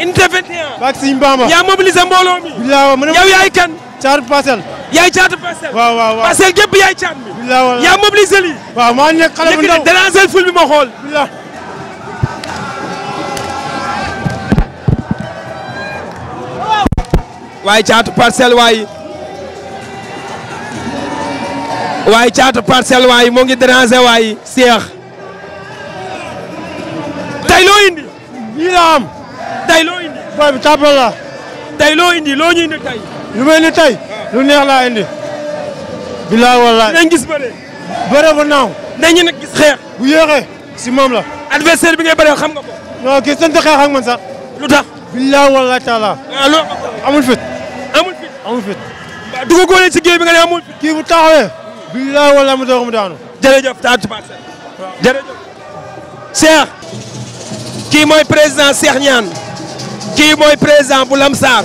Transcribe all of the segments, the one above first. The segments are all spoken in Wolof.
unité 21. bak Sëñ Bamba. yaa mobilisé mbooloo mi. bilaay ma ne yow yaay kan. caatu parcelle. yaay caatu parcelle. waaw waaw waaw parcelle gépp yaay caat mi. bilaay waaw yaa mobilisé lii. waaw maa nekk xale bu ndaw léegi déranger ful bi ma xool. bilaay. waaye caatu parcelle waaye. waaye caatu parcelle waaye moo ngi déranger waaye. Seex. booy bi champion tey loo indi loo ñu indi tey. lu may indi tey. lu gis bëre. bëre bu naaw. nañu nag gis xeex. si moom la. adversaire bi nga bëree xam nga ko. non gis nañ xeex ak man sax. lu tax. bilaay wallaay ah, amul fit. amul fit amul fit. ko ci géej bi nga ne amul fit. kii bu taxawee. bilaay wallaay mu doog mu daanu. jërëjëf taal ci paase. waaw kii mooy président Cheikh Niane. kii mooy président bu Lamsar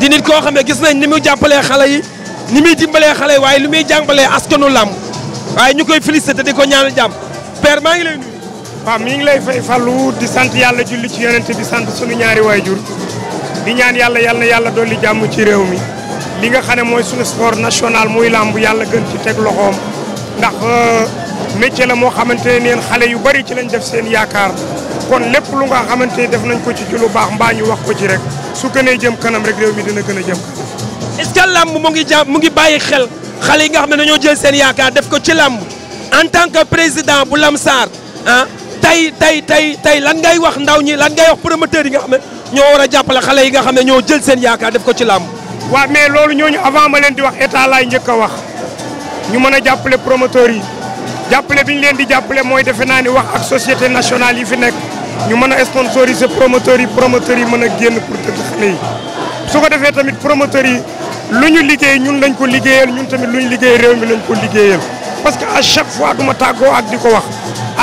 di nit koo xam ne gis nañ ni mu jàppalee xale yi ni muy dimbalee xale yi waaye li muy jàmbalee askanu làmb waaye ñu koy félicité di ko ñaanal jàmm per maa ngi lay nuyu. waaw mi lay fay fallu di sant yàlla julli ci yonent di sant sunu ñaari waajur di ñaan yàlla yal na yàlla dolli jàmm ci réew mi li nga xam ne mooy sunu sport national muy làmb yàlla gën ci teg loxoom ndax. Euh, métier la moo xamante ne neen xale yu bari ci lañ def seen yaakaar kon lépp lu nga xamante ni def nañ ko ci ci lu baax mbaa ñu wax ko ci rek su kënee jëm kanam rek réew mi dina gën a jëm kanam. est-ce mu ngi ja mu ngi bàyyi xel xale yi nga xam ne dañoo jël seen yaakaar def ko ci làmb en tant que président bu Lamsar ah tey tey tey tey lan ngay wax ndaw ñi lan ngay wax promoteur yi nga xam ne ñoo war a jàppale xale yi nga xam ne ñoo jël seen yaakaar def ko ci làmb. waa mais loolu ñoo ñu avant ma leen di wax état laay njëkk a wax ñu mën a jàppale promoteurs yi. jàppale bi ñu leen di jàppale mooy defe naa ni wax ak société nationale yi fi nekk ñu mën a sponsoriser promoteurs yi promoteurs yi mën a génn pour tëgg xale yi su ko defee tamit promoteurs yi lu ñu liggéey ñun lañ ko liggéeyal ñun tamit lu ñu liggéey réew mi lañ ko liggéeyal parce que à chaque fois du ma tàggoo ak di ko wax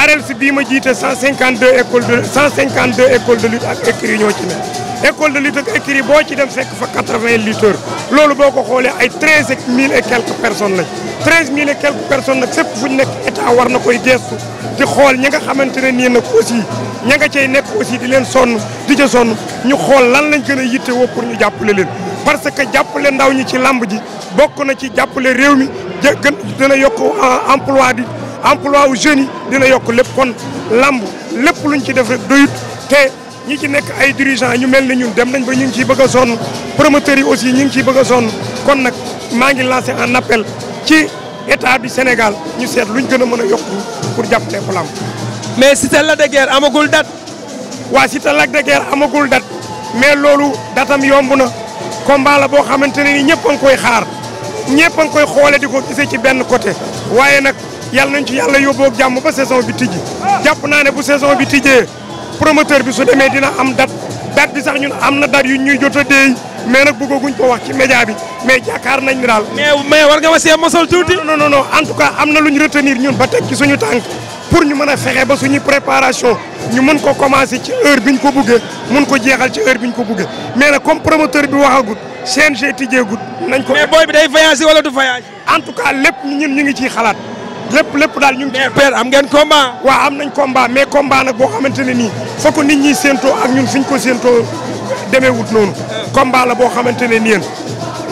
ARELS bii ma jiite 152 écoles de 152 écoles de lutte ak écurie ñoo ci ne école de lutte ak écurie boo ci dem fekk fa 80 lutteurs loolu boo ko xoolee ay 13 mille et quelques personnes lañ 13 mille et quelques personnes nag fépp fu ñu nekk état war na koy gestu di xool ñi nga xamante ne nii nag aussi ña nga cay nekk aussi di leen sonn di ca sonn ñu xool lan lañ gën a yittewoo pour ñu jàppale leen parce que jàppale ndaw ñi ci lamb ji bokk na ci jàppale réew mi gën dina yokk euh, emploi di emploi wu jeunes dina yokk lépp kon làmb lépp luñ ci def rek doyut te ñi ci nekk ay dirigeants ñu mel ni ñun dem nañ ba ñu ngi ciy bëgg a sonn promoteurs yi aussi ñu ngi ciy bëgg a sonn kon nag maa ngi lancé un appel ci état du Sénégal ñu seet luñ gën a mën a yokk pour jàppale ko lamb. mais Cité Lac de Guiers amagul date. waa Cité Lac de Guiers amagul date mais loolu datam yomb na combat la boo xamante ne ni ñëpp a koy xaar. ñëpp a koy xoolee di ko gisee ci benn côté waaye nag yàlla nañ ci yàlla yóbboo jàmm ba saison bi tijji jàpp naa ne bu saison bi tijjee promoteur bi su demee dina am date dat bi sax ñun am na dar yu ñuy jot a déey mais nag bëggoguñ ko wax ci média bi mais jaakaar nañ daal. mais mais war nga ma see mosal tuuti. non non non en tout cas am na lu ñu retenir ñun ba teg ci suñu tànk. pour ñu mën a fexe ba suñu préparation ñu mën ko commencé ci heure bi ñu ko bëggee mën ko jeexal ci heure bi ñu ko bëggee mais nag comme promoteur bi waxagut ti tijjeegut nañ ko. mais booy bi day voyage wala du voyage. en tout cas lépp ñun ñu ngi ciy xalaat lépp lépp daal ñu ngi. mais père am ngeen combat. waaw am nañ combat mais combat nag boo xamante ne nii fa ni nit ñi séentoo ak ñu fi ñu ko séentoo demee wut noonu. combat la boo xamante ne nii yéen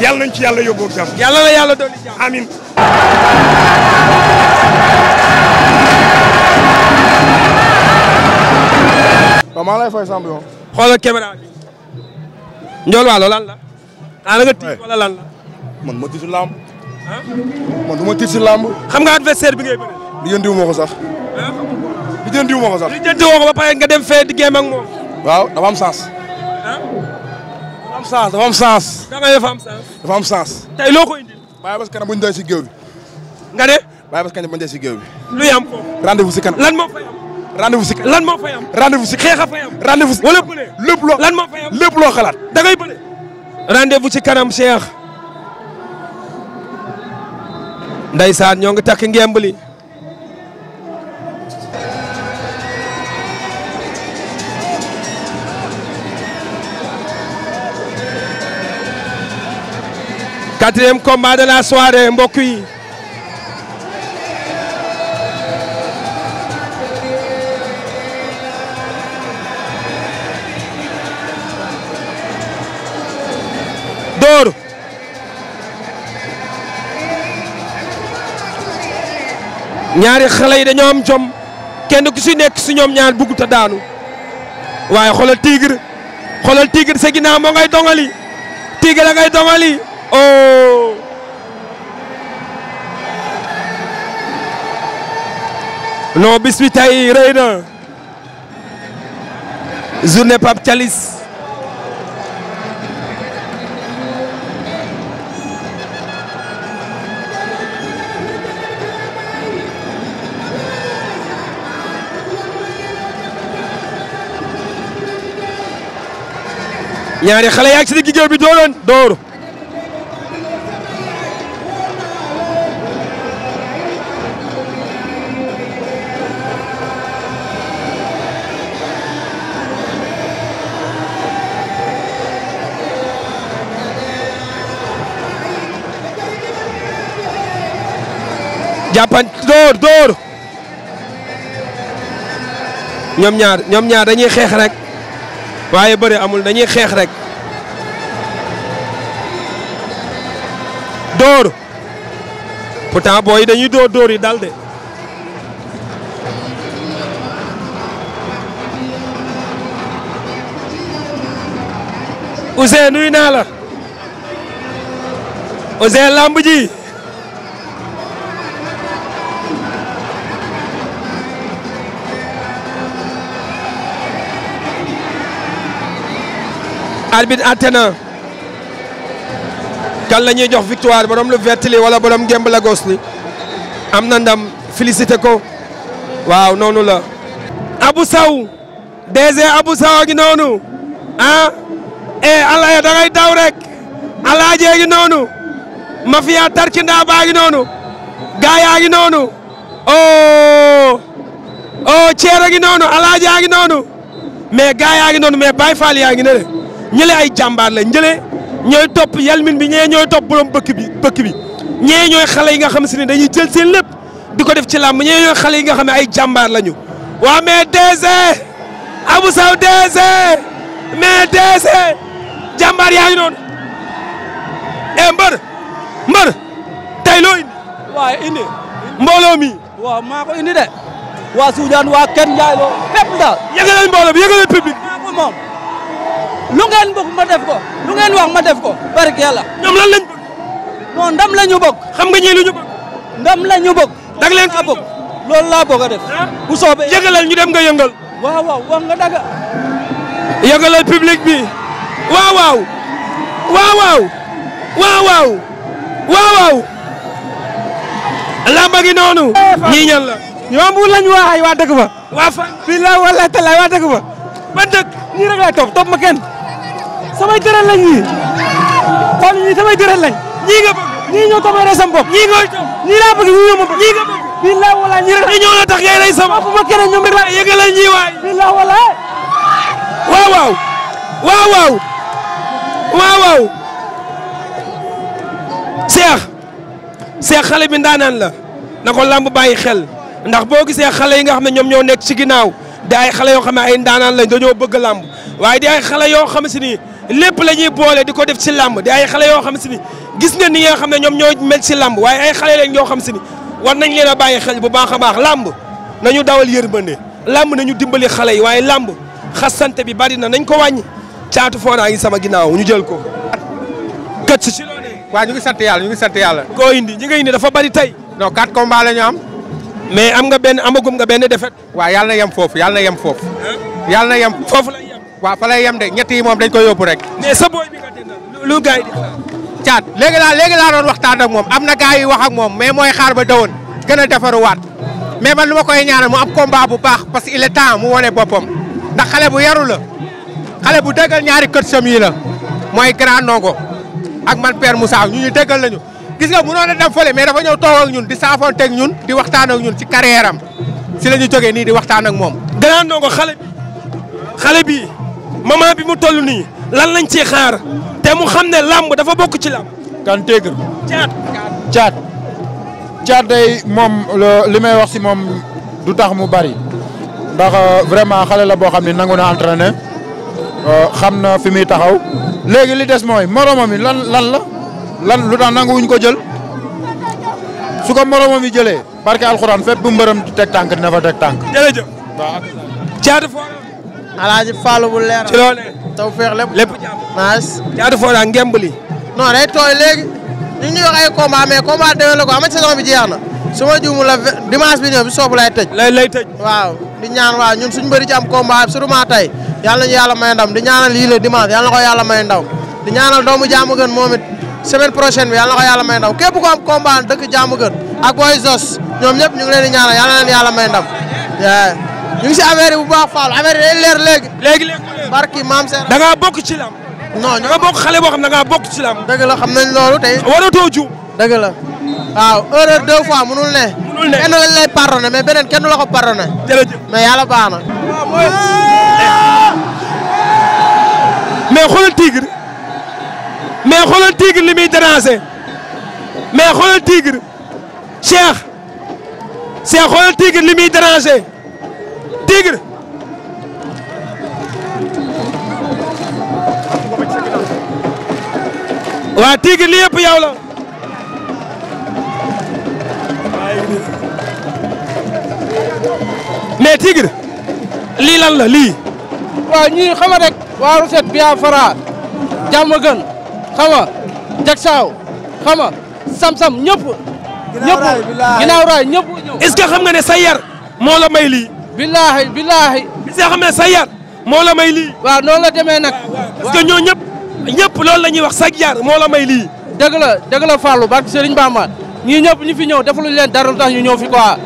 yàlla nañ ci yàlla yóbboo jàmm. yàlla la yàlla doon jàmm amiin. waaw maa lay fay champion. xoolal caméra bi. Ndiol Walo lan la. ah la nga tiit wala lan la. man ma tiit si làmb. man du si làmb. xam nga adversaire bi ngay bëri. lijjantiwu ma ko sax. lijjantiwu ma ko sax. lijjantiwoo ko ba pare nga dem fee di géem ak moom. waaw dafa am sens. dafa am sens dafa loo ko indi. bàyyi ba si kanam bu ñu doon nga de. bàyyi ba kanam bu ñu doon lu yam ko. rendez kanam rendez-vous lan moo fay am si xeex a fay am. rendez-vous si lan moo lépp loo xalaat da ngay bële. rendez ci kanam Cheikh. Ndeysaan ñoo ngi takk ngemb li quatrième combat de la soirée mbokk yi. ñaari xale yi dañoo am jom kenn ku si nekk si ñoom ñaar bugg ta daanu waaye xoolal tigre xoolal tigre sa ginnaaw moo ngay dongali tigre la ngay dongali oh. non bis bi journée Pape Thialis ñaari xale yaa ngi si digg géew bi dooloon dóor jàppan ñoom ñaar ñoom ñaar dañuy xeex rek waaye bëri amul dañuy xeex rek door pourtant booy yi dañuy door dóor yi dal de Ouzin nuyu naa la Ouzin lamb ji arbitre atte na kan jox victoire borom lu vert li wala borom gemb la am na ndam félicité ko waaw noonu la. Abou Sow DG Abou Sow a ngi noonu ah eh allah da ngay daw rek alaaji a ngi noonu mafia tarkinda baa ngi noonu gaa yaa noonu oh oh ceer a ngi noonu alaaji a noonu mais gaa yaa noonu mais Baye Fall ne ñële ay jàmbaar la ñële ñooy topp yalmin bi ñee ñooy topp borom bëkk bi bëkk bi ñee ñooy xale yi nga xam si ne dañuy jël seen lépp di ko def ci làmb ñee ñooy xale yi nga xam ne ay jàmbaar lañu. waa mais DG Abou Sow DG mais DG jàmbaar yaa ngi eh, mbër mbër tey loo indi. waaw indi. mi. waaw maa ko indi de. waa Soujaan waa kenn Ndiaye loo fépp daal. yëgalal mbooloo bi yëgalal public. lu ngeen ma def ko lu wax ma def ko barke yàlla. ñoom la ñu bëgg. xam nga ñii lu ñu bëgg. ndam la ñu bëgg. dag leen ko bëgg loolu laa bëgg a def. Ah? bu soobee yëgalal ñu dem nga yëngal. waaw waaw wax nga daga. yëgalal public noonu. ñii ñan la. ñoom bu waay waa dëkk ba. waa fa. fii la waa dëkk ba. ba dëkk. nii rek laay ma kenn. samay dërën lañ ñii xool ñii samay dërën lañ ñii nga bëgg ñii ñoo toog may rey sama bopp ñii nga ñii laa bëgg ñii ñoo ma bëgg ñii nga bëgg billahi wala ñii rek ñoo la tax ngay rey sama bopp bu ma keneen ñoom rek laa yëgalal ñii waay billahi wala waaw waaw waaw waaw waaw waaw Cheikh Cheikh xale bi ndaanaan la na ko làmb bàyyi xel ndax boo gisee xale yi nga xam ne ñoom ñoo nekk ci ginnaaw di ay xale yoo xam ne ay ndaanaan lañ dañoo bëgg làmb waaye di ay xale yoo xam si nii lépp la ñuy boole di ko def si làmb di ay xale yoo xam si ni gis nga ni nga xam ne ñoom ñoo mel si làmb waaye ay xale leen yoo xam si ni war nañ leen a bàyyi xel bu baax a baax làmb nañu dawal yërmande làmb nañu dimbali xale yi waaye làmb xasante bi bari na nañ ko wàññi caatu foonaa ngi sama ginnaaw ñu jël ko. kat si si loonee. waaw ñu ngi sant yàlla ñu ngi sant nga indi dafa bari tey. non quatre combats la ñu am. mais am nga benn amagum nga benn defet waaw yàlla na yem foofu yàlla na yem foofu. yàlla waaw fa lay yem de ñett yi moom dañ koy yóbbu rek. mais sa boy bi nga lu gars caat léegi laa léegi laa doon waxtaan ak moom am na gars yi wax ak moom mais mooy xaar ba dawoon gën a defaruwaat mais man lu ma koy ñaanal mu am combat bu baax parce que il est temps mu wane boppam ndax xale bu yaru la xale bu dëggal ñaari kër sam yi la mooy grand ndongo ak man mu saax ñu ñu dëggal lañu gis nga mënoon a dem fële mais dafa ñëw toog ak ñun di saafoonteeg ñun di waxtaan ak ñun ci carrière si la ñu jógee nii di waxtaan ak moom. grand ndongo xale bi xale bi moment bi mu toll nii lan lañ ciy xaar te mu xam ne làmb dafa bokk ci làmb. kan téegër. caat caat. day moom li may wax si moom du tax mu bari ndax euh, vraiment xale la boo xam ne nangu na entraîné euh, xam na fi muy taxaw léegi li des mooy moromam yi lan lan la lan lu tax nanguwuñ ko jël su ko moromam yi jëlee barke alxuraan fépp bu mbërëm teg tànk dina fa teg tànk. jërëjëf. alaaji Fallou bu leer. ci loolee. taw feex lépp lépp jàmm. naas. jaadu Fora ngemb li. non day tooy léegi. ñu ngi wax ay combat mais combat demee la ko am saison bi jeex na. su ma juumul la dimanche bi ñëw bi soobu lay tëj. lay lay tëj. waaw di ñaan waaw ñun suñu bëri ci am combat sûrement tey yàlla nañu yàlla may ndam di ñaanal lii la dimanche yàlla na ko yàlla may ndam di ñaanal doomu jaamu gën moom it semaine prochaine bi yàlla na ko yàlla may ndam képp ko am combat dëkk jaamu ak booy Zos ñoom ñëpp ñu ngi leen di ñaanal yàlla na ñu ngi si affaire bu baax Fall affaire leer léegi. léegi léegi mu leer barki maam Seydou. da ngaa bokk ci lam. non da nga bokk xale boo xam da ngaa bokk ci lam. dëgg la xam nañ loolu tey. waratoo ju. dëgg la waaw erreur deux fois mënul ne. mënul ne kenn lañ lay pardonné mais beneen kenn du la ko pardonné. jërëjëf mais yàlla baax na. mais xoolal Tigre mais xoolal Tigre li muy déranger mais xoolal Tigre Cheikh li muy déranger. Tigre waa Tigre li yëpp yow la mais Tigre lii lan la lii waaw ñii xama rek waaru set biya fara jàmm gën xama jak sam-sam ñëpp ñëpp ginnaaw raay ñëpp est xam nga ne sa yar may lii billaahi billaahi bi see xamee sa yar moo la may lii waaw noo la demee nag parce que ñëpp ñëpp loolu la ñuy wax sa yar moo la may lii dëgg la dëgg la Fallou barke Serigne Bamba ñii ñëpp ñu fi ñëw deful leen dara lu tax ñu ñëw fi quoi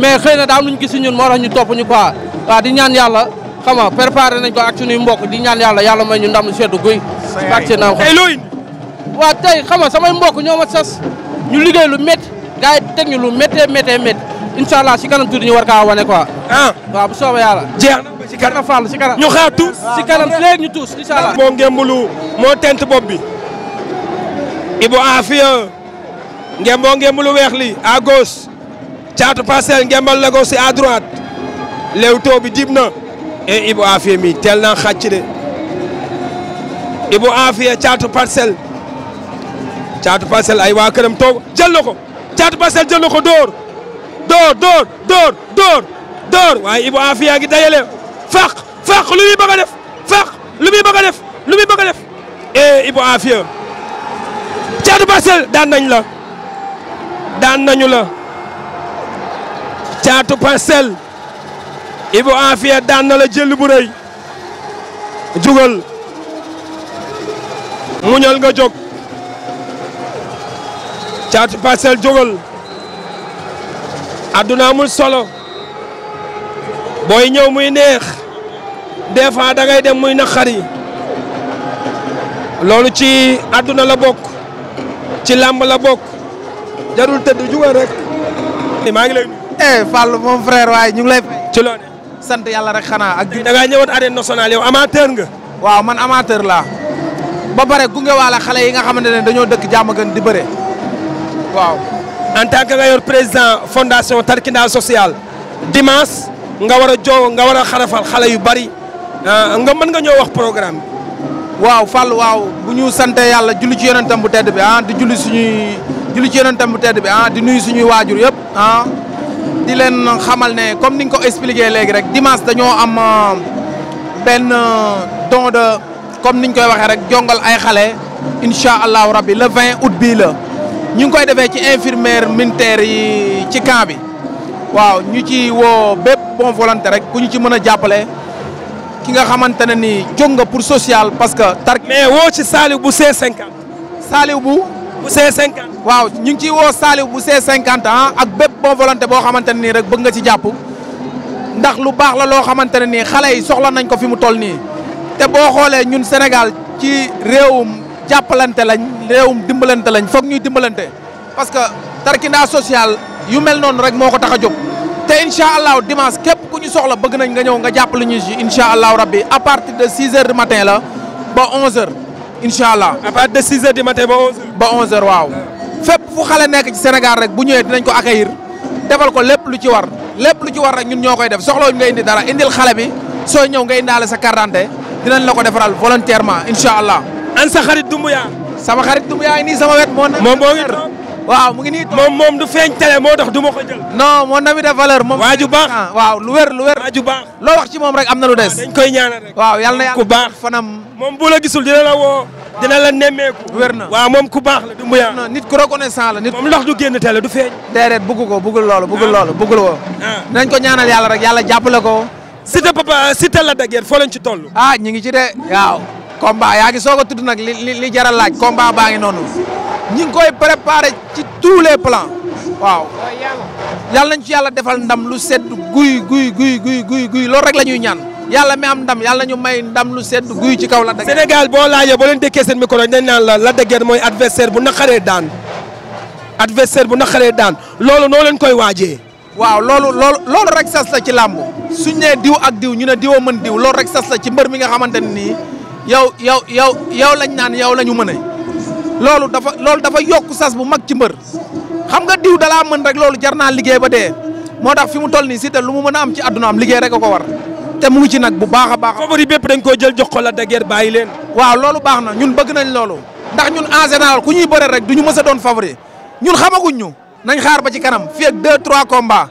mais xëy na daam luñu gis ñun moo tax ñu topp ñu quoi waaw di ñaan yàlla xama nga préparé nañ ko ak suñuy mbokk di ñan yàlla yàlla mooy ñu ndam seddu guy barke si naam waaw tey xam nga samay mbokk ñoo ma sas ñu liggéey lu métti gars yi teg ñu lu méttee méttee métti incha allah si kanam tuuti ñu war kaa wane quoi. Ah. bu soobee yàlla. jeex na si kanam si kanam. si kanam ñu tuus incha allah. ngembulu moo tent bopp Ibu Afia. ngemboo ngembulu weex li à gauche. caatu parcelle ngembal la ko si à Ibu eh, Afia mi teel naa xàcc de. Ibu Afia caatu parcelle. caatu parcelle ay waa këram toog jël na ko. caatu jël na dóor. door door door door door waaye Ibou Afia gi dajale faq faq lu muy bëgg a def faq lu muy bëgg a def lu muy bëgg a def e Ibou Afia caatu parcelle daan nañ la daan nañu la caatu parcelle Ibou Afia daan na la jël bu rëy jugal muñal nga jóg caatu parcelle jógal àdduna amul solo booy ñëw muy neex des fois da ngay dem muy naqari loolu ci àdduna la bokk ci làmb la bokk jarul tëdd jugal rek. maa ngi lay. eh Fall mon frère waaye ñu ngi lay. ci loolu sant yàlla rek xanaa ak. da ngaa ñëwaat arène nationale yow amateur nga. waaw man amateur laa. ba pare gunge waala xale yi nga xamante ne dañoo dëkk jàmm gën di bëre waaw. en tant que nga yor président fondation Tarkinda social dimanche nga war a joo nga war a xarafal xale yu bari euh, nga mën nga ñoo wax programme waaw Fall waaw bu ñu sante yàlla julli ci yonentam bu tedd bi ah di julli suñuy julli ci yonentam bu tedd bi ah di nuyu suñuy waajur yëpp ah. di leen xamal ne comme ni nga ko expliquer léegi rek dimanche dañoo am euh, benn euh, don de comme niñ koy waxee rek jongal ay xale incha allahu rabbi le 20 août bii la. ñu ngi koy defee ci infirmière militaire yi ci camp bi waaw ñu ci woo bépp bon volonté rek ku ñu ci mën a jàppale ki nga xamante ne ni jóg nga pour social parce que tar mais woo ci Saliou bu C50. Saliou bu. bu c waaw ñu ngi ciy woo Saliou bu c cinquante ah ak bépp bon volonté boo xamante ne nii rek bëgg nga ci jàpp ndax lu baax la loo xamante ne nii xale yi soxla nañ ko fi mu toll nii te boo xoolee ñun Sénégal ci réewum. jàppalante lañ réewum dimbalante lañ foog ñuy dimbalante parce que tarkindaa social yu mel noonu rek moo ko tax a jóg te incha allah dimanche képp ku ñu soxla bëgg nañ nga ñëw nga jàppale ñu si incha allah rabbi à partir de 6 heures du matin la ba 11 heures incha allah. à partir de 6 heures du matin ba 11 heures. waaw. fépp fu xale nekk ci Sénégal rek bu ñëwee dinañ ko accueillir defal ko lépp lu ci war lépp lu ci war rek ñun ñoo koy def soxla nga indi dara indil xale bi soo ñëw nga indaale sa carte dinañ la ko defaral volontairement incha allah. an sa xarit Dumbuya. sama xarit Dumbuya ni sama wet moo. moom moo waaw mu ngi nii moom moom du feeñ télé moo tax du ma ko jël. non mon moom. waaju baax ah, waaw lu wér lu wér. waaju baax loo wax ci moom rek am na lu des. Ah, dañ koy ñaanal waaw yàlla na yàlla ku baax fanam. moom bu la gisul dina la woo. dina la nemmeeku. wér na waaw moom ku baax la Dumbuya. non nit ku reconnaissant la nit. moom ndax du génn télé du feeñ. déedéet bugg ko buggul loolu buggul ah. loolu buggul woo. nañ ko ñaanal yàlla rek yàlla jàppale ko. Siteu papa Siteu la daggeen foo leen ci toll. ah ñu ngi ci de waaw combat yaa ngi soog a tudd nag li li jar a laaj combat baa ngi noonu ñi ngi koy préparé ci tous les plans waaw. yàlla nañ ci yàlla defal ndam lu sedd guy guy guy guy guy guy loolu rek la ñuy ñaan. yàlla mi am ndam yàlla ñu may ndam lu sedd guy ci kaw la. dëgg Sénégal boo laajee boo leen dékkee seen micro dañ naan la la dëgg mooy adversaire bu naqaree daan adversaire bu naqaree daan loolu noo leen koy waajee. waaw loolu loolu loolu rek sas la ci làmb suñ nee diw ak diw ñu ne diw mën diw loolu rek sas la ci mbër mi nga xamante ne nii. yow yow yow yow lañ naan yow la ñu mën a loolu dafa loolu dafa yokk sas bu mag ci mbër xam nga diw dalaa mën rek loolu jar naa liggéey ba dee moo tax fi mu toll nii Siteu lu mu mën a am ci àdduna liggéey rek a ko war te mu ngi ci nag bu baax a baax. favori bépp dañ koo jël jox ko la dageer bàyyi leen. waaw loolu baax na ñun bëgg nañ loolu. ndax ñun en général ku ñuy bëre rek du ñu mës a doon favori ñun xamaguñ ñu nañ xaar ba ci kanam fii ak 2 3 combats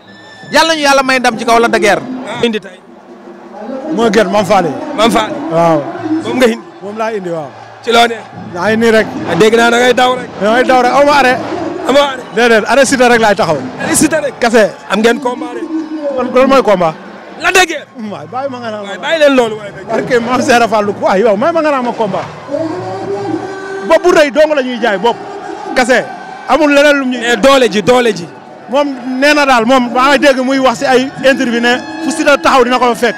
yàlla ñu may ndam ci kaw la dageer mooy gerte Mame Fall yi. Mame Fall waaw. moom nga indi. moom laa indi waaw. ci loo ne. maa rek. ah dégg naa da daw rek. da ngay daw rek aw rek laay taxaw. arrêt cité rek. kese am ngeen combat rek. loolu mooy combat. la déggee. waay bàyyi ma nga naan waay bàyyi leen loolu waay. parce que ma nga naan ma combat. bopp bu rëy dong la ñuy jaay bopp. kese amul leneen lu ñuy. Eh, doole ji doole ji. moom nee na daal moom maa ngi muy wax si ay interview ne fu si taxaw dina ko fekk.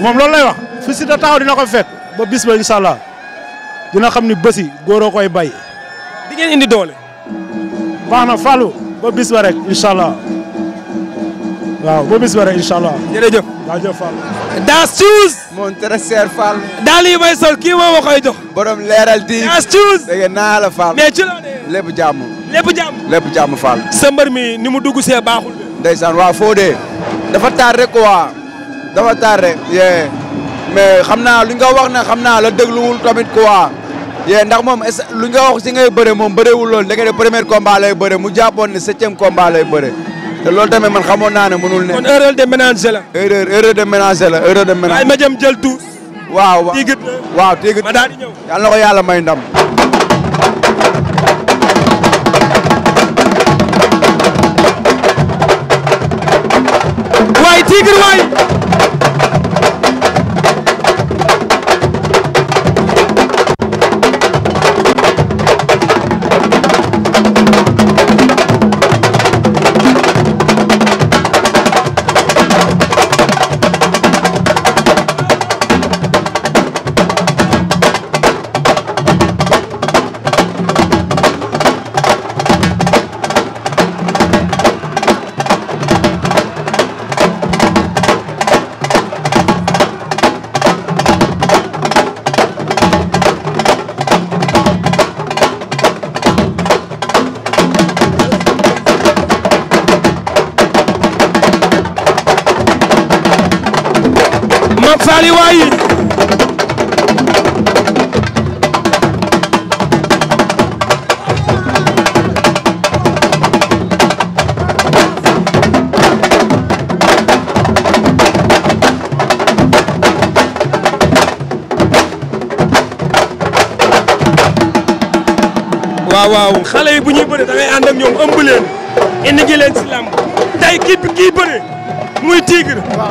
moom loolu lay wax fu Siteu taxaw dina ko fekk ba bis ba xam ni bési góoroo koy bay. di ngeen indi doole. baax na Fallou ba bis ba rek incha allah waaw ba rek incha allah. jërëjëf jaajëf Fallou. Das Shoes. daal yi may sol kii moo ma koy jox. borom leeral di. Das Shoes dégg naa la ci la de. lépp jàmm. lépp jàmm. lépp mi ni mu dugg see baaxul. ndeysaan waaw foo dafa taar rek dafa tardé yee mais xam naa lu nga wax ne xam naa la dégluwul tamit quoi yee ndax moom est lu nga wax si ngay bëre moom bërewul loolu da nga ne premier combat lay bëre mu jàppoon ne septième combat lay bëre te loolu tamit man xamoon naa ne mënul ne. kon erreur de ménage la. erreur erreur de ménage la erreur de ménage. waaye ma jëm waaw waaw tiigit waaw tiigit. ma ñëw yal yàlla may ndam.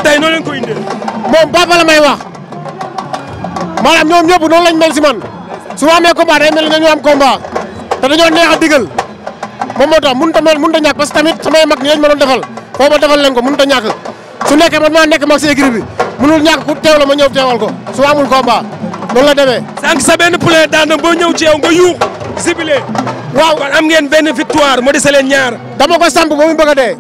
tey noo leen ko indee. moom papa la may wax maanaam ñoom ñëpp noonu lañ mel si man su ma amee combat day mel ni dañoo am combat te dañoo neex a digal moom moo tax mënut a mel mënut a ñàkk parce que tamit samay mag ni lañ ma doon defal foofu ma defal leen ko mënut a ñàkk su nekkee man maa nekk mag si équipe bi mënul ñàkk ku teew la ma ñëw teewal ko su amul combat loolu la demee. sànq sa benn poulain daanam boo ñëw ci yow nga yuux zibilé. waaw kon am ngeen benn victoire moo dese leen ñaar. dama ko samp ba mu bëgg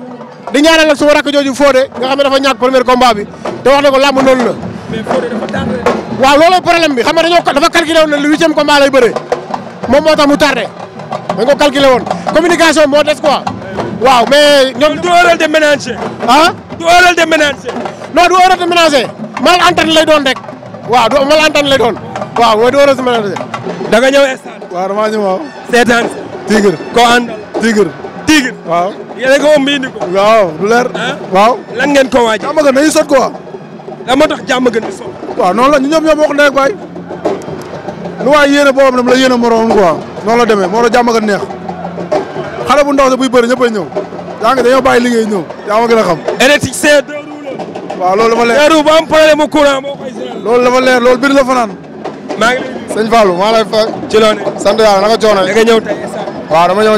di ñaanal nag suma rakk jooju Fodé nga xam ne dafa ñàkk premier combat bi te wax na ko làmb noonu la. waaw looloo problème bi xam nga dañoo dafa calculé woon ne le huitième combat lay bëree moom moo tax mu tardé dañ ko calculé woon communication moo des quoi. waaw mais ñoom. du erreur de ménager. ah du erreur de ménager. non du erreur de ménager mal entente lay doon rek waaw du mal entente lay doon waaw mooy du erreur de ménager. da nga ñëw instant. waaw damaa waaw. seetaan. tigre ko ànd tigre. Tigre. waaw yéen a ko moom mi indi ko. waaw bu leer. Ah? waaw lan ngeen ko waajee. jàmm gën dañuy sot quoi. la ñu ñoom ñoom wax ne rek waay. lu waay yéene boobam dem la yéene moroom quoi noonu la demee moo bu ndaw sa buy bëri ñëpp a ñëw yaa ngi dañoo bàyyi liggéey ñëw yaa ma gën a xam. électrique c'est deux roues la. waaw loolu dafa leer deux la fanaan. maa ngi lay sëñ Fallou maa lay fay. ci na nga coono. da nga ñëw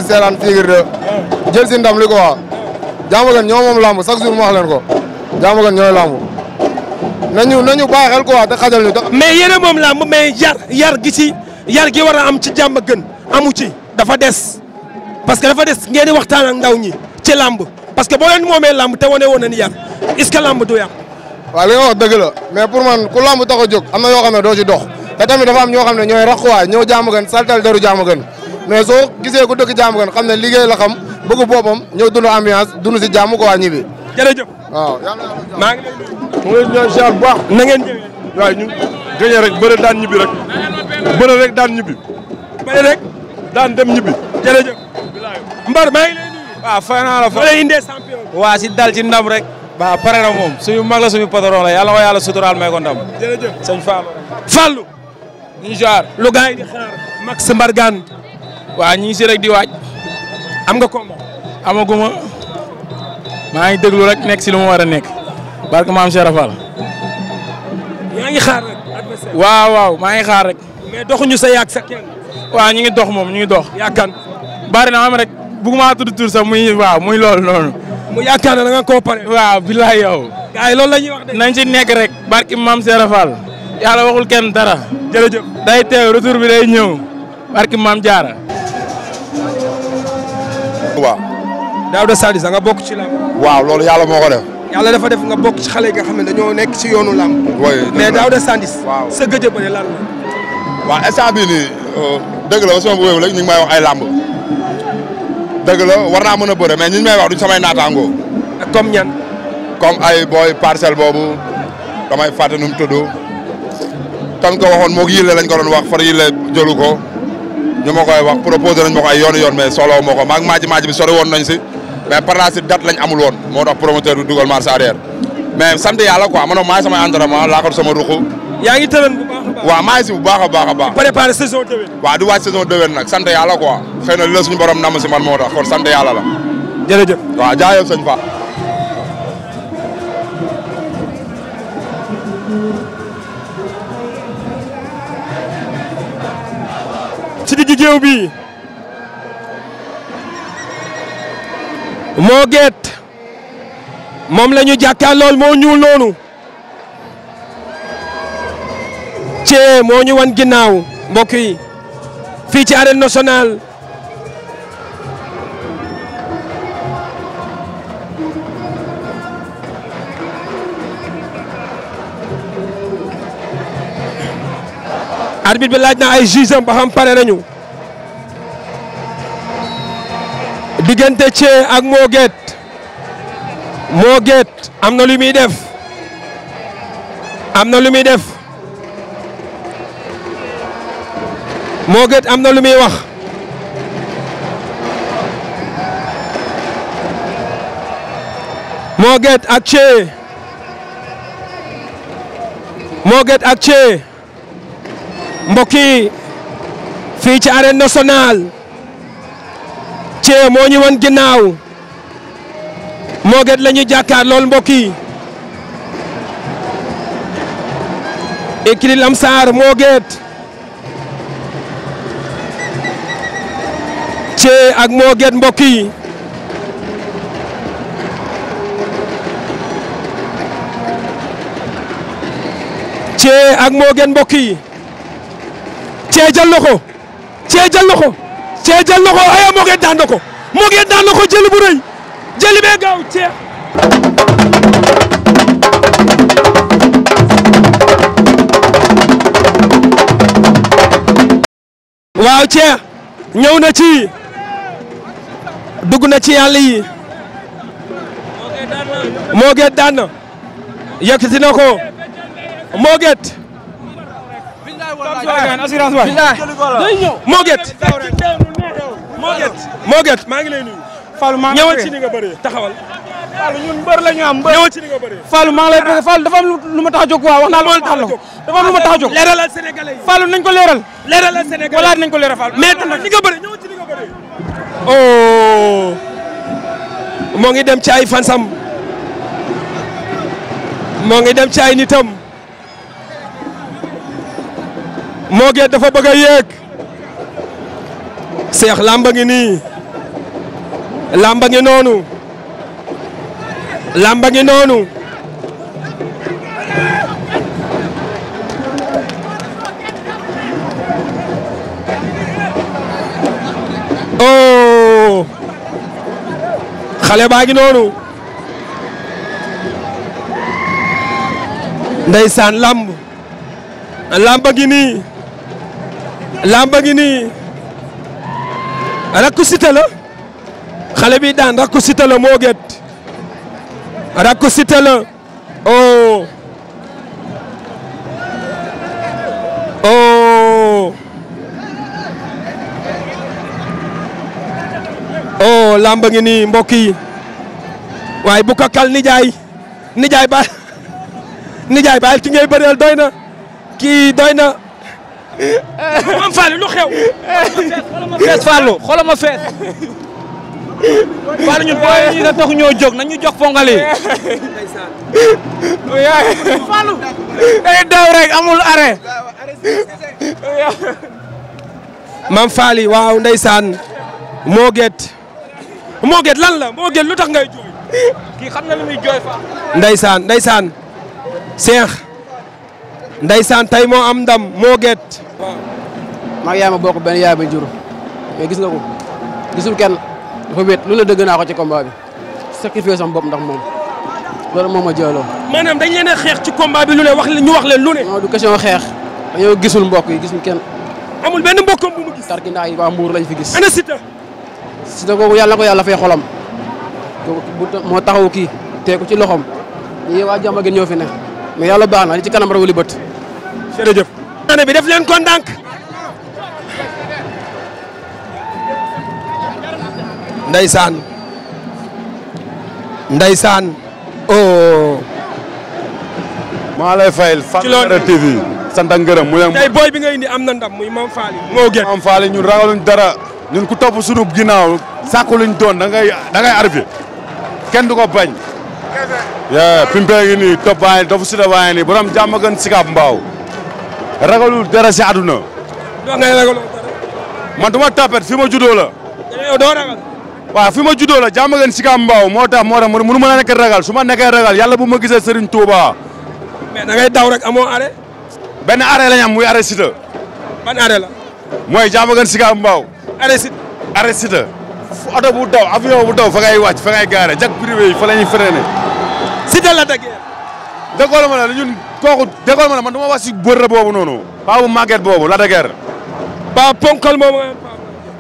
tey jël si ndam li ko waa Diamaguène ñoo moom lamb chaque jour mu wax ko Diamaguène ñooy lamb nañu nañu bàyyi xel ko waa te xajal ñu te. mais yéen a moom lamb mais yar yar gi ci yar gi war a am ci Diamaguène amu ci dafa des parce que dafa des ngeen di waxtaan ak ndaw ñi ci lamb parce que boo leen moomee lamb te wane woon nañu yar lamb du yar. waaw li nga wax man ku lamb tax a jóg na yoo xam ne doo ci dox te tamit dafa am ñoo xam ne ñooy rax waay ñoo Diamaguène saltal deru mais soo gisee ku dëkk jàmm gan xam ne liggéey la xam bëgg boppam ñëw dund ambiance dund si jàmm ko waa ñibbi. jërëjëf waaw. maa ngi leen di daan ñibbi rek bëre rek daan ñibbi. bëre rek daan dem ñibbi. jërëjëf. Mbar maa ngi lay nuyu. waaw ah, fay naa la fa lay indee champion. waa si dal ci ndam rek. waaw pare na moom suñu mag la suñu patron la yàlla ko yàlla suturaal may ko ndam. jërëjëf sëñ Fallou. Fallou. ñu jaar lu gaay di xaar Max Mbargane waa ñu ngi si di waaj. am nga combat. amaguma maa ngi déglu rek nekk si lu ma war a nekk. barke maam Cheikh Rafal. yaa ngi xaar waaw waaw maa ngi xaar rek. mais doxuñu sa yàgg sa waa waaw ñu ngi dox moom ñu ngi dox. yaakaar bari na am rek bëgguma tudd tur sax muy waaw muy loolu noonu. mu ne da nga koo pare. waaw bilaay la ñuy wax de. nekk rek. barke maam Cheikh Rafal. yàlla waxul kenn dara. jërëjëf day teew retour bi day ñëw. Touba. Daouda Sadio da nga bokk ci làmb. waaw loolu yàlla moo ko def. yàlla dafa def nga bokk ci xale yi nga xam ne dañoo nekk ci yoonu làmb. mais Daouda Sadio. waaw sa gëj a bëri lan la. waaw instant bii euh, la ñu ngi may wax ay làmb la war naa mën a bëre mais ñu may wax duñ samay naataangoo. comme ñan. comme ay booy parcelle boobu damay fàtte nu mu tudd. tan ko waxoon moo yille lañ ko doon wax far yille jëlu ko. ñu ma koy wax proposé nañ ma yoon yoon mais soxla moo ko maag maaji bi sori woon nañ si mais par la suite amul woon moo tax promoteur dugal marche arrière mais sant yàlla quoi man maa ngi sama entraînement laa ko yaa ngi tërën bu baax a baax. waaw maa baax a baax a baax. préparé saison déwén. waaw di sant yàlla quoi xëy na li la borom nam man moo tax kon sant yàlla la. jërëjëf waaw jaayëf Fa. ci géew bi moo geet moom la ñu jàkkaar lool moo ñuul noonu cee moo ñu wan ginnaaw mbokk yi fii ci arène nationale arbitre bi laaj na ay juge am ba xam pare nañu diggante Dieng ak Mo Gates am na lu muy def am na lu muy def Mo am na lu muy wax Mo Gates ak Dieng Mo ak Dieng mbokk yi fii ci arène national Thié moo ñu wan ginnaaw moget lañuy ñu jàkkaar lool mbokk yi écrit Lamsar moget Thié ak Moguette mbokk yi Thié ak Moguette mbokk yi Thié jël na ko Thié jël na ko aywa Moguette daan na ko Moguette daan jël bee gaaw Thié. waaw na ci dugg na ci yàlla yi daan na yëkkati na ko Moguette. Assurance moo Moget maa ngi lay nuyu. maa ngi ñëwal ci ni nga taxawal. ñun mbër la ñu am mbër ñëwal ci ni maa ngi lay bëgg Fallou dafa am lu ma tax a jóg waaw wax naa lu ma tax a jóg. leeralal Sénégalais nañ ko leeral. leeralal Sénégalais walaat nañ ko leeral Fallou. mais nag ni nga bëree ñëwal oh. moo ngi dem ci ay fansam. moo ngi dem ci ay nitam. Moget dafa bëgg a Cheikh lamba ngi nii lamba ngi noonu lamba ngi noonu oh xale baa ngi noonu lamba ngi lamba ngi rakku Siteu la xale bi daan rakku Siteu la moo rakku Siteu la oh oh, oh ngi nii mbokk yi waaye bu kal nijaay nijaay ba nijaay baal ki ngay bëreel doy na kii doy na maam Fallou lu xew. fees Fallou xoolal ma fees. Fallou ñu ne tax ñoo jóg nañ ñu jox pongal yi. amul arrêt. maam Fally waaw ndeysaan moo gét moo lan la moo gét lu tax ngay jooy na lu muy jooy fa ndeysaan ndeysaan ndeysaan tey moo am ndam moo gét maa yaay ma bokk benn yaay ba jur mais gis nga ko gisul kenn dafa wéet lu la dëgg ko ci combat bi sacrifice sama ndax moom loolu moom a jëloo. maanaam dañ leen xeex ci combat bi lu ne wax ñu wax leen lu ne. moo du question xeex dañoo gisul mbokk yi gisul kenn. amul benn mbokkam bu mu gis. tarkindaa yi waa Mbour lañ fi gis. ana Siteu. Siteu kooku yàlla ko yàlla fay xolam. kooku moo taxaw kii teeku ci loxom ñii waa jàmm gën ñoo fi ne mais yàlla baax na li ci kanam rawuli bët. jërëjëf. bi def leen ko ndeysaan ndeysaan oh. maa lay fayal. ci loolu TV sant ak mu tey booy bi ngay am na ndam muy moo gën Mame Faly ñun ragaluñ dara ñun ku topp sunu ginnaaw sàkku luñ doon da ngay da kenn du ko bañ. yaa pimpe ngi nii topp si la baa ngi nii borom sikaab mbaaw ragalul dara si àdduna. man du tapet fi ma juddoo waaw fi ma juddoo la jàmm ngeen Sicap Mbao moo tax moo tax mënu ma nekk ragal su ma ragal yàlla bu ma gisee Serigne Touba. mais da ngay daw rek amoo arrêt. benn arrêt lañ am muy arrêt Siteu. ban arrêt la. mooy jàmm ngeen Sicap Mbao. arrêt Siteu. arrêt Siteu. fu oto bu daw avion bu daw fa ngay wàcc fa ngay gaaree jag privé yi fa la ñuy freiné. Siteu la daggee. ma ne ñun kooku déggoo ma ne man du ma wax si boobu noonu. paa bu màgget boobu la daggee. paa ponkal moom.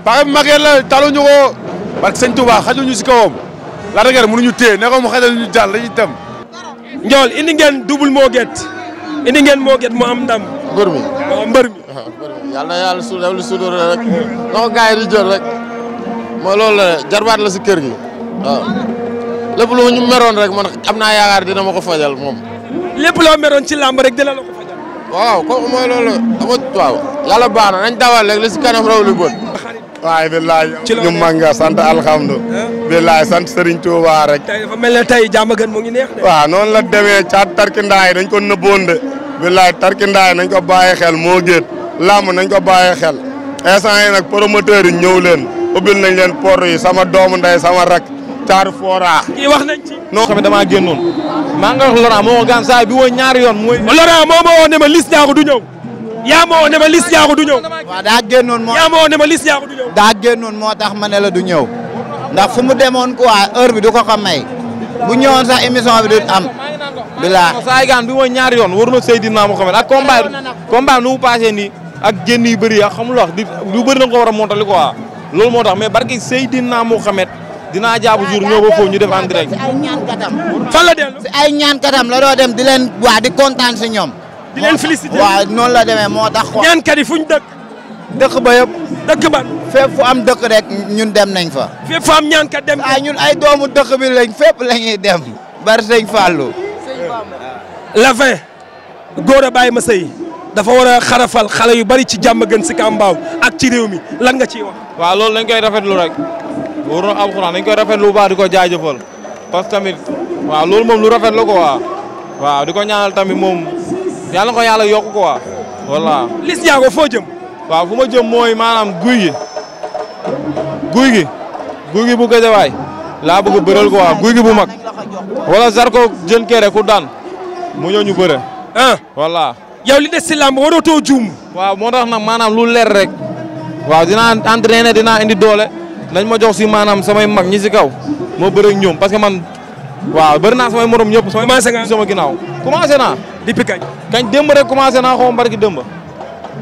paa bu parce que sëñ Touba xajul ñu si kawam Lac de Guiers mënuñu téye ne ko mu xajal ñu jàll dañuy dem. Ndiol indi ngeen double Mo Gates ngeen Mo Gates mu ndam. mbër mi waaw yàlla su def lu suudur rek. noo gaa yi di jël la jarbaat si kër gi waaw. lépp lu ñu meroon rek man am dina ma ko fajal moom. la loo meroon ci làmb rek dina la ko fajal. waaw kooku mooy loolu la. dama waaw yàlla baax na nañ dawal rek li si kanam raw bon. waaye billaay ñu manga sant alhamdulilah. billaay sant Serigne Touba rek. tey dafa mel tey jàmm gën ngi neex waaw noonu la demee caat tarkindaay dañ ko nëbboon de. billaay tarkindaay nañ ko bàyyi xel moo gën làmb nañ ko bàyyi xel instant yi nag promoteurs yi ñëw leen ubbil nañ leen port yi sama doomu ndey sama rak caar fora. kii noo xam ne damaa génnoon. maa ngi wax Laurent moo ma gaan saa bi woo ñaari yoon mooy. Laurent moo ma woo ne ma liste naa ko du ñëw. yaa ma woo ne ma Liss Ndiago du ñëw. waaw daa génnoon moo moo tax ma ne la du ñëw ndax fu mu demoon quoi heure bi du ko ko may bu ñëwoon sax émission bi du am. bilaa saa gaan bi mooy ñaari yoon war na Seydina Mohamed ak combat combat nu mu passé nii ak génn yu bëri yi xamul wax di lu bëri na ko war a montali quoi loolu moo tax mais barki Seydina Mohamed dinaa jàpp jour ñëw ba foofu ñu def en direct. si ay ñaan katam. fan la dellu si ay ñaan doo dem di leen waa di kontaan si ñoom. di leen félicité waaw noonu la demee moo tax. quoi ñaankat yi fu ñu dëkk. dëkk ba yëpp. dëkk ba. fépp fu am dëkk rek ñun dem nañ fa. fépp fu am ñaankat dem. ah ñun ay doomu dëkk bi lañ fépp la ñuy dem. bari sëñ Fallou. la fin góor a bàyyi ma sey dafa war a xarafal xale yu bari ci jàmm gën si kàmbaaw ak ci réew mi langa nga ciy wax. waaw loolu dañ koy rafetlu rek. wóor na alxuraan dañ koy rafet lu baa di ko jaajëfal parce que tamit waaw loolu moom lu rafet la ko waaw di ko ñaanal yàlla ko yàlla yokk quoi voilà. Liss Ndiago foo jëm. waaw fu ma jëm mooy maanaam guy gi guy gi guy gi bu gëjawaay laa bëgg bëral quoi guy gi bu mag wala sarko jën kere ku daan mu ñëw ñu bëre. ah voilà. yow li des si làmb warootoo juum. waaw moo maanaam lu leer rek. waaw dinaa entraîner dinaa indi doole nañ ma jox si maanaam samay mag ñi si kaw ma bëre man. waaw bëri naa samay morom ñëpp. commencé nga sama ginnaaw commencé naa. depuis kañ. kañ démb rek commencé naa xaw ma barki démb.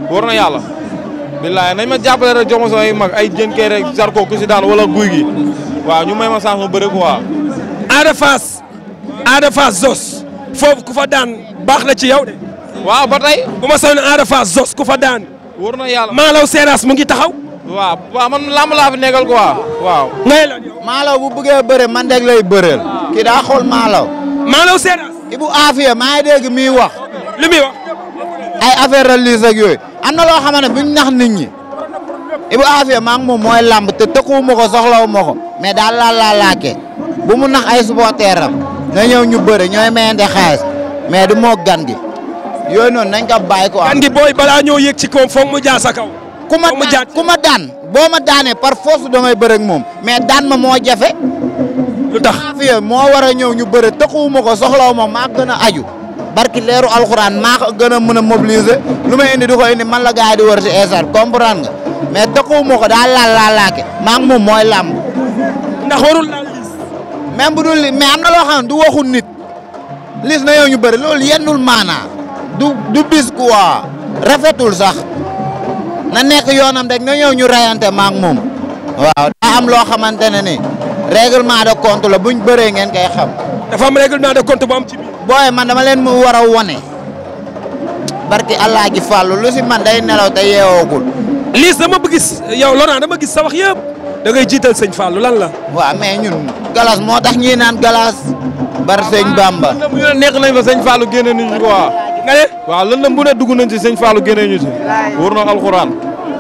war na yàlla. billaay nañ ma jàppale rek jox ma mag ay jën kay rek Zarko ku si daan walla guy gi. waaw ñu may ma sax ma bëri quoi. Ada Fass. Ada Zos. foofu ku fa daan baax na ci yow de. waaw ba tey. bu ma soxla Ada Fass Zos ku fa daan. war na yàlla Malaw Seras mu ngi taxaw. waaw waaw man làmb laa fi waaw. ngay la maalaw bu bëggee bëre man deg lay bëreel. kii daa xool maalaw. maalaw seen. maa ngi dégg miy wax. li muy wax. ay affaire religieuses ak yooyu am na bu ñu nax nit ñi. Ibou Afia maa ngi moom mooy làmb te tëkkuwuma ko soxlawuma ko mais daal laa laa laake bu mu nax ay na ñëw ñu bëre ñooy mayante xaalis moo gan gi yooyu noonu nañ ko bàyyi ko. gan gi ci koom sa kaw. ku ma daan ku ma daan boo ma daanee par force damay bëre moom mais daan ma moo jafe. lu tax fi moo war a ñëw ñu bëre tëquwuma ko soxlaw ma maa gën a aju. barki leeru alxuraan maa ko gën a mën a mobiliser lu ma indi di ko indi man la gars yi war wër ci esaat comprendre nga mais tëquwuma ko daal laal laa laake maa ngi moom mooy làmb. ndax warul laal lis. bu dul li mais am na du waxu nit. lis na yow ñu bëri loolu yennul maanaa. du du bis quoi rafetul sax. na nekk yoonam rek na ñëw ñu rayante maak moom waaw daa loo xamante ne ni règlement de compte la buñ bëree ngeen koy xam. dafa ma règlement de compte bu am ci biir. leen mu war a wone barki allah ji fàllu lu si man day nelaw te yeewoogul. Liss dama bëgg gis yow Laurent dama gis sa wax yëpp da jiital sëñ Fallou lan la. waaw mais ñun galas moo tax ñuy naan galas. bar sëñ Bamba. neex nañ fa sëñ Fallou génne nañu nga ne. waaw bu ne dugg nañ ci sëñ Fallou génnee ñu ci. wóor na alxuraan.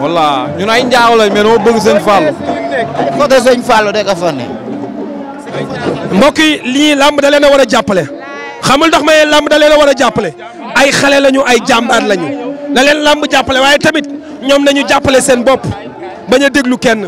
walla ñun ay njaaw lañ mais dama bëgg sëñ Fallou. côté sëñ Fallou de ka fa ne. mbokk yi lii làmb da war a jàppale. xamul ndax may làmb da leen a war a jàppale. ay xale lañu ay jàmbaar lañu. da leen làmb jàppale waaye tamit ñoom nañu jàppale seen bopp bañ a déglu kenn.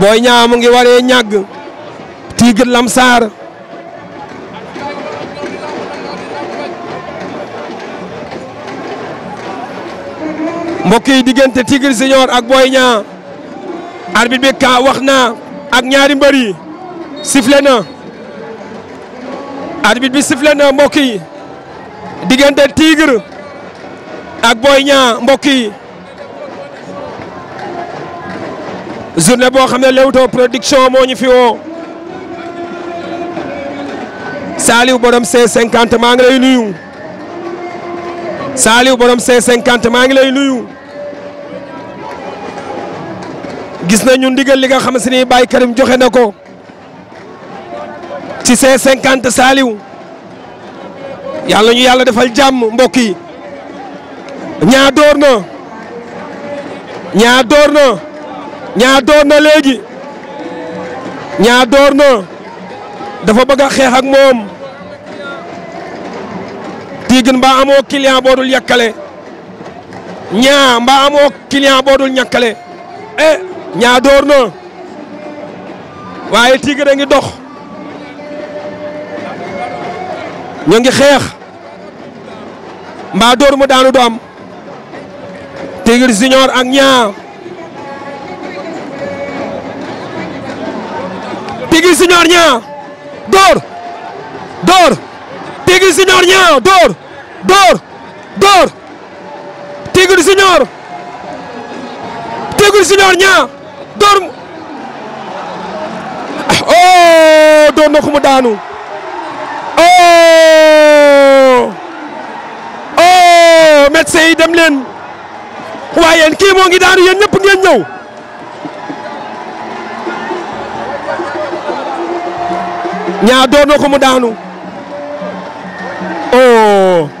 Boy ñaa mu ngi waree ñàgg Tigre Lamsaar mbokk yi diggante Tigre Junior ak Boy Niang arbitre bi ka wax na ak ñaari mbër yi sifflé na arbitre bi sifflé mbokk yi diggante Tigre ak Boy Niang mbokk journée boo xam ne Leewtoo production moo ñu fi woo Saliou borom C50 maa ngi lay nuyu Saliou borom C50 maa ngi lay nuyu gis nañu ndigal li nga xam si ni Baye Karim joxe na ko ci C50 Saliou yàlla ñu yàlla defal jàmm mbokk yi ñaa door na ñaa door na. ñaa door na léegi ñaa door na dafa bëgg a xeex ak moom Tigre mbaa amoo client boo dul ñaa mbaa amoo client boo dul ñàkkale eh ñaa door na waaye Tigre a ngi dox ñu ngi xeex mbaa door mu daanu am Tigre Junior ak ñaa Tigui Junior ñaa door door Tigui Junior ñaa door door door Tigui Junior Tigui Junior ñaa door oh door na ko mu daanu oh oh médecin yi dem leen waaye yéen kii moo ngi daanu yéen ñëpp ngeen ñëw ñaa doon na ko mu daanu oh.